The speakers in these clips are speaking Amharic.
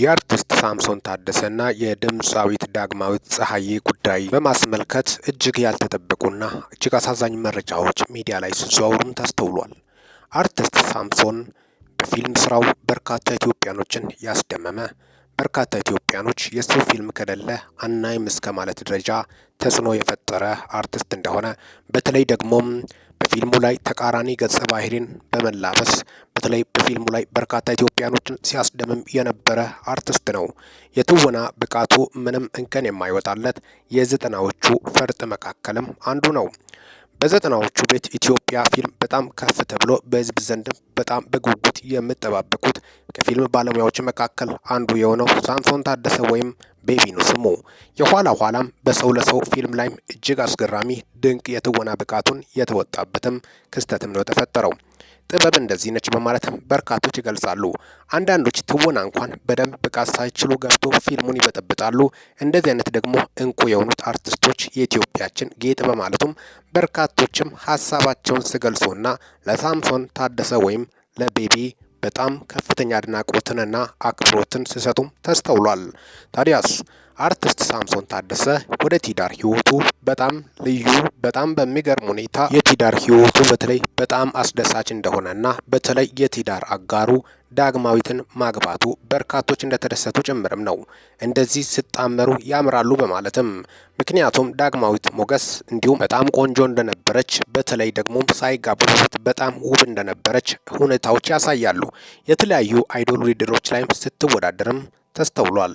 የአርቲስት ሳምሶን ታደሰና የድምፃዊት ዳግማዊት ፀሐዬ ጉዳይ በማስመልከት እጅግ ያልተጠበቁና እጅግ አሳዛኝ መረጃዎች ሚዲያ ላይ ሲዘዋውሩም ተስተውሏል። አርቲስት ሳምሶን በፊልም ስራው በርካታ ኢትዮጵያኖችን ያስደመመ፣ በርካታ ኢትዮጵያኖች የሰው ፊልም ከሌለ አናይም እስከ ማለት ደረጃ ተጽዕኖ የፈጠረ አርቲስት እንደሆነ በተለይ ደግሞም በፊልሙ ላይ ተቃራኒ ገጸ ባህሪን በመላበስ በተለይ በፊልሙ ላይ በርካታ ኢትዮጵያኖችን ሲያስደምም የነበረ አርቲስት ነው። የትወና ብቃቱ ምንም እንከን የማይወጣለት የዘጠናዎቹ ፈርጥ መካከልም አንዱ ነው። በዘጠናዎቹ ቤት ኢትዮጵያ ፊልም በጣም ከፍ ተብሎ በህዝብ ዘንድም በጣም በጉጉት የምጠባበቁት ከፊልም ባለሙያዎች መካከል አንዱ የሆነው ሳምሶን ታደሰ ወይም ቤቢ ነው ስሙ። የኋላ ኋላም በሰው ለሰው ፊልም ላይም እጅግ አስገራሚ ድንቅ የትወና ብቃቱን የተወጣበትም ክስተትም ነው የተፈጠረው። ጥበብ እንደዚህ ነች በማለትም በርካቶች ይገልጻሉ። አንዳንዶች ትወና እንኳን በደንብ ብቃት ሳይችሉ ገብቶ ፊልሙን ይበጠብጣሉ። እንደዚህ አይነት ደግሞ እንቁ የሆኑት አርቲስቶች የኢትዮጵያችን ጌጥ በማለቱም በርካቶችም ሀሳባቸውን ሲገልጹና ለሳምሶን ታደሰ ወይም ለቤቢ በጣም ከፍተኛ አድናቆትንና አክብሮትን ሲሰጡም ተስተውሏል። ታዲያስ አርቲስት ሳምሶን ታደሰ ወደ ትዳር ህይወቱ በጣም ልዩ በጣም በሚገርም ሁኔታ የትዳር ህይወቱ በተለይ በጣም አስደሳች እንደሆነና በተለይ የትዳር አጋሩ ዳግማዊትን ማግባቱ በርካቶች እንደተደሰቱ ጭምርም ነው። እንደዚህ ስጣመሩ ያምራሉ በማለትም ምክንያቱም ዳግማዊት ሞገስ እንዲሁም በጣም ቆንጆ እንደነበረች በተለይ ደግሞ ሳይጋቡ በፊት በጣም ውብ እንደነበረች ሁኔታዎች ያሳያሉ። የተለያዩ አይዶል ውድድሮች ላይም ስትወዳደርም ተስተውሏል።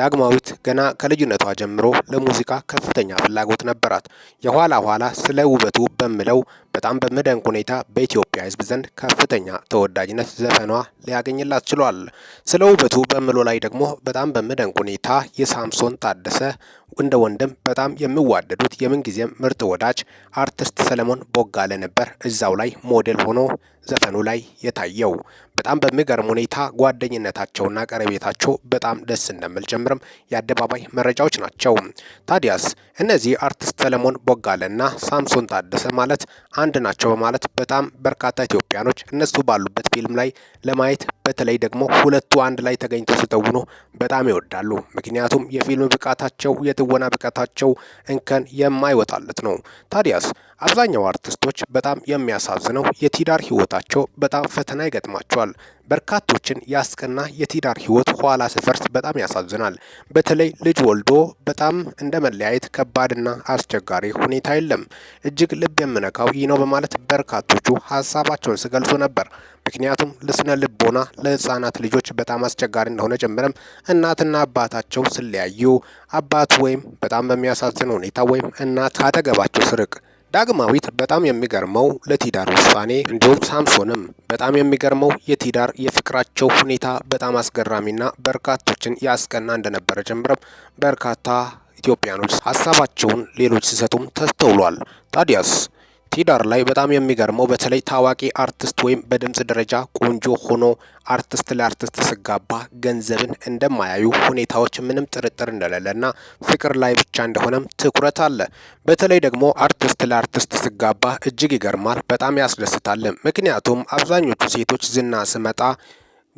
ዳግማዊት ገና ከልጅነቷ ጀምሮ ለሙዚቃ ከፍተኛ ፍላጎት ነበራት። የኋላ ኋላ ስለ ውበቱ በምለው በጣም በመደንቅ ሁኔታ በኢትዮጵያ ሕዝብ ዘንድ ከፍተኛ ተወዳጅነት ዘፈኗ ሊያገኝላት ችሏል። ስለ ውበቱ በምሎ ላይ ደግሞ በጣም በመደንቅ ሁኔታ የሳምሶን ታደሰ እንደ ወንድም በጣም የሚዋደዱት የምንጊዜም ምርጥ ወዳጅ አርቲስት ሰለሞን ቦጋለ ነበር እዛው ላይ ሞዴል ሆኖ ዘፈኑ ላይ የታየው። በጣም በሚገርም ሁኔታ ጓደኝነታቸውና ቀረቤታቸው በጣም ደስ እንደሚል ጭምርም የአደባባይ መረጃዎች ናቸው። ታዲያስ እነዚህ አርቲስት ሰለሞን ቦጋለና ሳምሶን ታደሰ ማለት አንድ ናቸው በማለት በጣም በርካታ ኢትዮጵያኖች እነሱ ባሉበት ፊልም ላይ ለማየት በተለይ ደግሞ ሁለቱ አንድ ላይ ተገኝተው ሲተውኑ በጣም ይወዳሉ። ምክንያቱም የፊልም ብቃታቸው የትወና ብቃታቸው እንከን የማይወጣለት ነው። ታዲያስ አብዛኛው አርቲስቶች በጣም የሚያሳዝነው የትዳር ህይወታቸው በጣም ፈተና ይገጥማቸዋል። በርካቶችን ያስቀና የትዳር ህይወት ኋላ ሲፈርስ በጣም ያሳዝናል። በተለይ ልጅ ወልዶ በጣም እንደ መለያየት ከባድና አስቸጋሪ ሁኔታ የለም። እጅግ ልብ የምነካው ይህ ነው በማለት በርካቶቹ ሀሳባቸውን ሲገልጹ ነበር። ምክንያቱም ለስነ ልቦና ለህፃናት ልጆች በጣም አስቸጋሪ እንደሆነ ጀምረም እናትና አባታቸው ስለያዩ አባት ወይም በጣም በሚያሳዝን ሁኔታ ወይም እናት አጠገባቸው ስርቅ ዳግማዊት በጣም የሚገርመው ለቲዳር ውሳኔ እንዲሁም ሳምሶንም በጣም የሚገርመው የቲዳር የፍቅራቸው ሁኔታ በጣም አስገራሚና በርካቶችን ያስቀና እንደነበረ ጀምረም በርካታ ኢትዮጵያኖች ሀሳባቸውን ሌሎች ሲሰጡም ተስተውሏል። ታዲያስ ቲዳር ላይ በጣም የሚገርመው በተለይ ታዋቂ አርቲስት ወይም በድምፅ ደረጃ ቆንጆ ሆኖ አርቲስት ለአርቲስት ስጋባ ገንዘብን እንደማያዩ ሁኔታዎች ምንም ጥርጥር እንደሌለና ፍቅር ላይ ብቻ እንደሆነም ትኩረት አለ። በተለይ ደግሞ አርቲስት ለአርቲስት ስጋባ እጅግ ይገርማል፣ በጣም ያስደስታል። ምክንያቱም አብዛኞቹ ሴቶች ዝና ስመጣ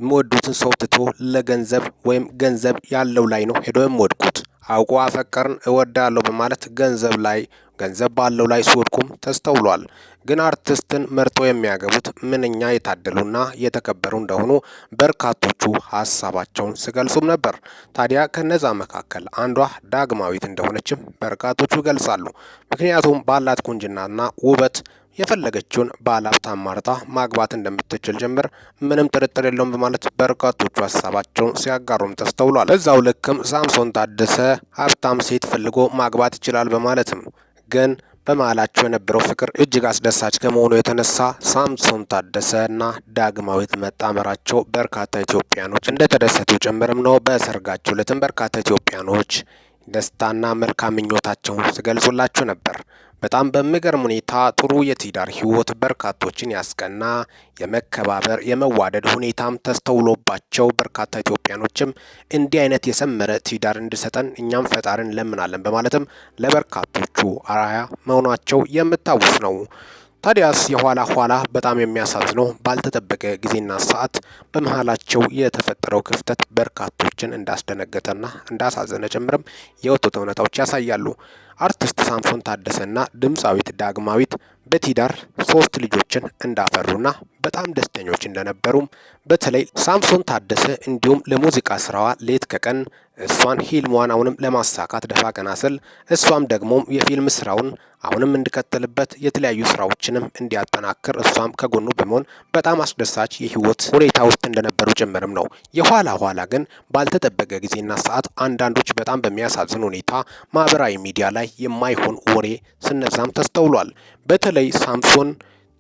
የሚወዱትን ሰው ትቶ ለገንዘብ ወይም ገንዘብ ያለው ላይ ነው ሄዶ የሚወድቁት። አውቆ አፈቀርን እወዳለሁ በማለት ገንዘብ ላይ ገንዘብ ባለው ላይ ሲወድቁም ተስተውሏል። ግን አርቲስትን መርጦ የሚያገቡት ምንኛ የታደሉና የተከበሩ እንደሆኑ በርካቶቹ ሀሳባቸውን ሲገልጹም ነበር። ታዲያ ከነዛ መካከል አንዷ ዳግማዊት እንደሆነችም በርካቶቹ ይገልጻሉ። ምክንያቱም ባላት ቁንጅናና ውበት የፈለገችውን ባለ ሀብታም ማርጣ ማግባት እንደምትችል ጭምር ምንም ጥርጥር የለውም በማለት በርካቶቹ ሀሳባቸውን ሲያጋሩም ተስተውሏል። በዛው ልክም ሳምሶን ታደሰ ሀብታም ሴት ፈልጎ ማግባት ይችላል በማለትም ግን በመሀላቸው የነበረው ፍቅር እጅግ አስደሳች ከመሆኑ የተነሳ ሳምሶን ታደሰና ዳግማዊት መጣመራቸው በርካታ ኢትዮጵያኖች እንደተደሰቱ ጭምርም ነው። በሰርጋቸው ዕለትም በርካታ ኢትዮጵያኖች ደስታና መልካም ምኞታቸውን ሲገልጹላቸው ነበር። በጣም በሚገርም ሁኔታ ጥሩ የትዳር ህይወት በርካቶችን ያስቀና የመከባበር የመዋደድ ሁኔታም ተስተውሎባቸው በርካታ ኢትዮጵያኖችም እንዲህ አይነት የሰመረ ትዳር እንዲሰጠን እኛም ፈጣሪን እንለምናለን በማለትም ለበርካቶቹ አርአያ መሆናቸው የምታወስ ነው። ታዲያስ የኋላ ኋላ በጣም የሚያሳዝነው ባልተጠበቀ ጊዜና ሰዓት በመሀላቸው የተፈጠረው ክፍተት በርካቶችን እንዳስደነገጠና እንዳሳዘነ ጭምርም የወጡት እውነታዎች ያሳያሉ። አርቲስት ሳምሶን ታደሰና ድምፃዊት ዳግማዊት በቲዳር ሶስት ልጆችን እንዳፈሩና በጣም ደስተኞች እንደነበሩም በተለይ ሳምሶን ታደሰ እንዲሁም ለሙዚቃ ስራዋ ሌት ከቀን እሷን ሂልሟን አሁንም ለማሳካት ደፋ ቀና ስል እሷም ደግሞ የፊልም ስራውን አሁንም እንድቀጥልበት የተለያዩ ስራዎችንም እንዲያጠናክር እሷም ከጎኑ በመሆን በጣም አስደሳች የህይወት ሁኔታ ውስጥ እንደነበሩ ጭምርም ነው። የኋላ ኋላ ግን ባልተጠበቀ ጊዜና ሰዓት አንዳንዶች በጣም በሚያሳዝን ሁኔታ ማህበራዊ ሚዲያ ላይ ላይ የማይሆን ወሬ ስነዛም ተስተውሏል። በተለይ ሳምሶን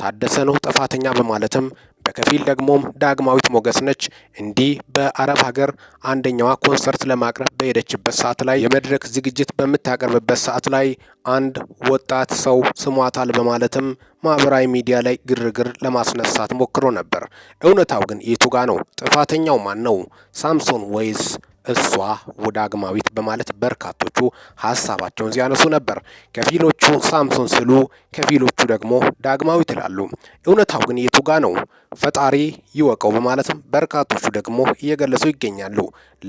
ታደሰ ነው ጥፋተኛ በማለትም በከፊል ደግሞም ዳግማዊት ሞገስ ነች። እንዲህ በአረብ ሀገር አንደኛዋ ኮንሰርት ለማቅረብ በሄደችበት ሰዓት ላይ የመድረክ ዝግጅት በምታቀርብበት ሰዓት ላይ አንድ ወጣት ሰው ስሟታል በማለትም ማህበራዊ ሚዲያ ላይ ግርግር ለማስነሳት ሞክሮ ነበር። እውነታው ግን የቱ ጋ ነው? ጥፋተኛው ማን ነው? ሳምሶን ወይስ እሷ ዳግማዊት በማለት በርካቶቹ ሀሳባቸውን ሲያነሱ ነበር። ከፊሎቹ ሳምሶን ስሉ ከፊሎቹ ደግሞ ዳግማዊት ይላሉ። እውነታው ግን የቱ ጋ ነው? ፈጣሪ ይወቀው በማለትም በርካቶቹ ደግሞ እየገለጹ ይገኛሉ።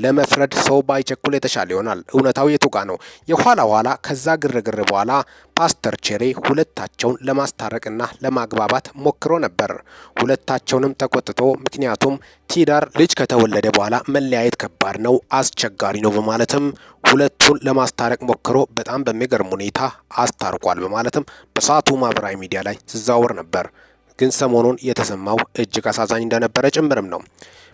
ለመፍረድ ሰው ባይቸኩል የተሻለ ይሆናል። እውነታው የቱ ጋ ነው? የኋላ ኋላ ከዛ ግርግር በኋላ ፓስተር ቼሬ ሁለታቸውን ለማስታረቅና ለማግባባት ሞክሮ ነበር። ሁለታቸውንም ተቆጥቶ ምክንያቱም ቲዳር ልጅ ከተወለደ በኋላ መለያየት ከባድ ነው፣ አስቸጋሪ ነው በማለትም ሁለቱን ለማስታረቅ ሞክሮ በጣም በሚገርም ሁኔታ አስታርቋል በማለትም በሰዓቱ ማህበራዊ ሚዲያ ላይ ሲዘዋወር ነበር። ግን ሰሞኑን የተሰማው እጅግ አሳዛኝ እንደነበረ ጭምርም ነው።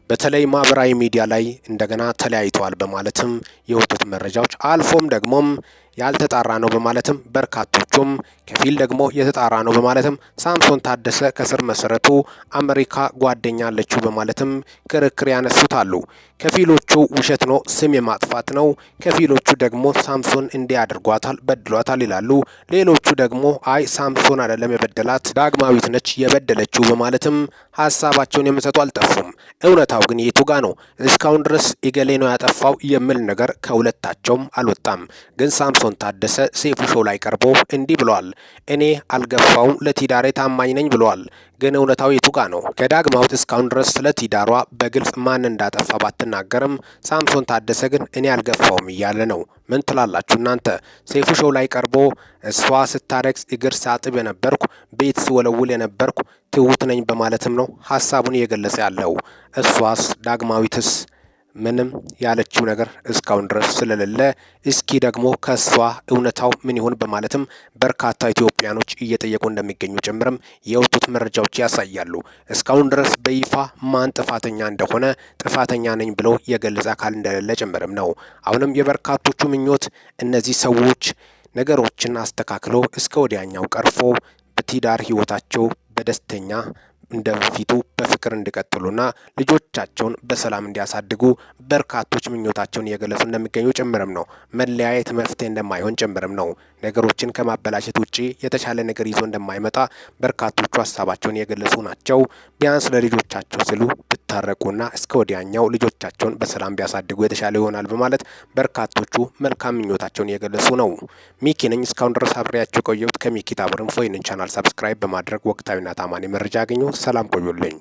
በተለይ ማህበራዊ ሚዲያ ላይ እንደገና ተለያይተዋል በማለትም የወጡት መረጃዎች አልፎም ደግሞም ያልተጣራ ነው በማለትም በርካቶቹም ከፊል ደግሞ የተጣራ ነው በማለትም ሳምሶን ታደሰ ከስር መሰረቱ አሜሪካ ጓደኛ አለችው በማለትም ክርክር ያነሱታሉ። ከፊሎቹ ውሸት ነው፣ ስም የማጥፋት ነው። ከፊሎቹ ደግሞ ሳምሶን እንዲህ አድርጓታል፣ በድሏታል ይላሉ። ሌሎቹ ደግሞ አይ ሳምሶን አይደለም የበደላት ዳግማዊት ነች የበደለችው በማለትም ሀሳባቸውን የሚሰጡ አልጠፉም። እውነታው ግን የቱ ጋ ነው? እስካሁን ድረስ እገሌ ነው ያጠፋው የሚል ነገር ከሁለታቸውም አልወጣም። ግን ሳምሶን ጌምሶን ታደሰ ሴፉ ሾው ላይ ቀርቦ እንዲህ ብሏል። እኔ አልገፋውም ለቲዳሬ ታማኝ ነኝ ብሏል። ግን እውነታው የቱጋ ነው? ከዳግማዊት እስካሁን ድረስ ስለ ቲዳሯ በግልጽ ማን እንዳጠፋ ባትናገርም ሳምሶን ታደሰ ግን እኔ አልገፋውም እያለ ነው። ምን ትላላችሁ እናንተ? ሴፉ ሾው ላይ ቀርቦ እሷ ስታረግስ እግር ሳጥብ የነበርኩ ቤት ስወለውል የነበርኩ ትውት ነኝ በማለትም ነው ሀሳቡን እየገለጸ ያለው። እሷስ ዳግማዊትስ ምንም ያለችው ነገር እስካሁን ድረስ ስለሌለ እስኪ ደግሞ ከእሷ እውነታው ምን ይሆን በማለትም በርካታ ኢትዮጵያኖች እየጠየቁ እንደሚገኙ ጭምርም የወጡት መረጃዎች ያሳያሉ። እስካሁን ድረስ በይፋ ማን ጥፋተኛ እንደሆነ ጥፋተኛ ነኝ ብሎ የገለጸ አካል እንደሌለ ጭምርም ነው። አሁንም የበርካቶቹ ምኞት እነዚህ ሰዎች ነገሮችን አስተካክሎ እስከ ወዲያኛው ቀርፎ በትዳር ህይወታቸው በደስተኛ እንደ በፊቱ በፍቅር እንዲቀጥሉና ልጆቻቸውን በሰላም እንዲያሳድጉ በርካቶች ምኞታቸውን እየገለጹ እንደሚገኙ ጭምርም ነው። መለያየት መፍትሄ እንደማይሆን ጭምርም ነው። ነገሮችን ከማበላሸት ውጭ የተሻለ ነገር ይዞ እንደማይመጣ በርካቶቹ ሀሳባቸውን እየገለጹ ናቸው። ቢያንስ ለልጆቻቸው ስሉ ቢታረቁና እስከ ወዲያኛው ልጆቻቸውን በሰላም ቢያሳድጉ የተሻለ ይሆናል በማለት በርካቶቹ መልካም ምኞታቸውን እየገለጹ ነው። ሚኪ ነኝ። እስካሁን ድረስ አብሬያቸው የቆየሁት ከሚኪ ታቦር ፎይንን ቻናል ሰብስክራይብ በማድረግ ወቅታዊና ታማኒ መረጃ ያገኙ። ሰላም ቆዩልኝ።